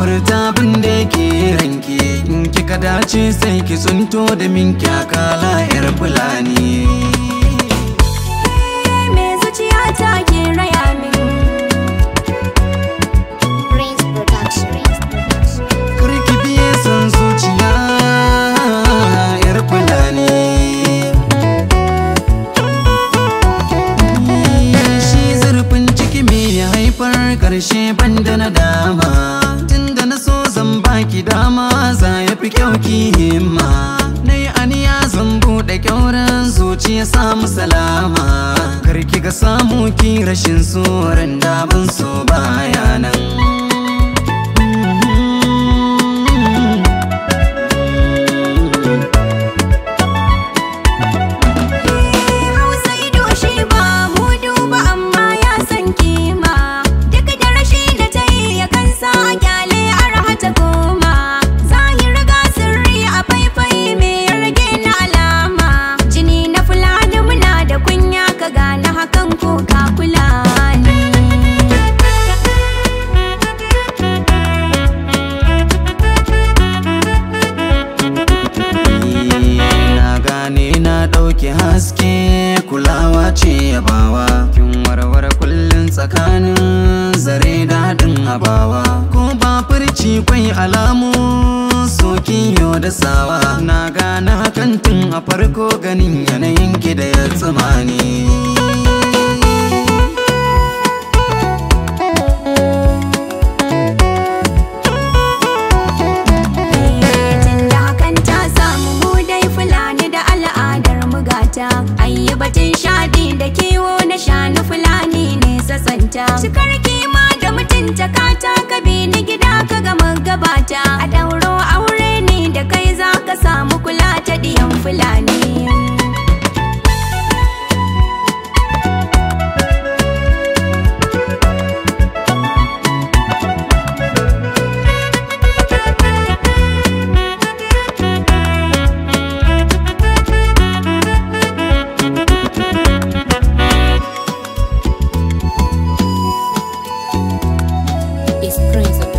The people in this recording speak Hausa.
furta abin da yake ranke in ki ka dace sai ki tsunto da min kyakala yar fulani eh, karki biye son zuciya yar fulani eh, shi zurfin ciki me ya haifar karshe banda na dama Ki dama za ya fi kyau ki himma na yi aniya zan buɗe kyauran ya samu salama karki ga samu ki rashin tsoron da ban so baya ki haske kulawa ce yabawa kin warware kullun tsakanin zare daɗin abawa ko ba furci kwai alamu sokin yo da sawa na gana kantin a farko ganin yanayin ki da ya tsumani yi batun shadi da kiwo na shanu fulani ne sasanta cikar kima da mutunta kata ka bi ni gida ka gama gabata praise, praise.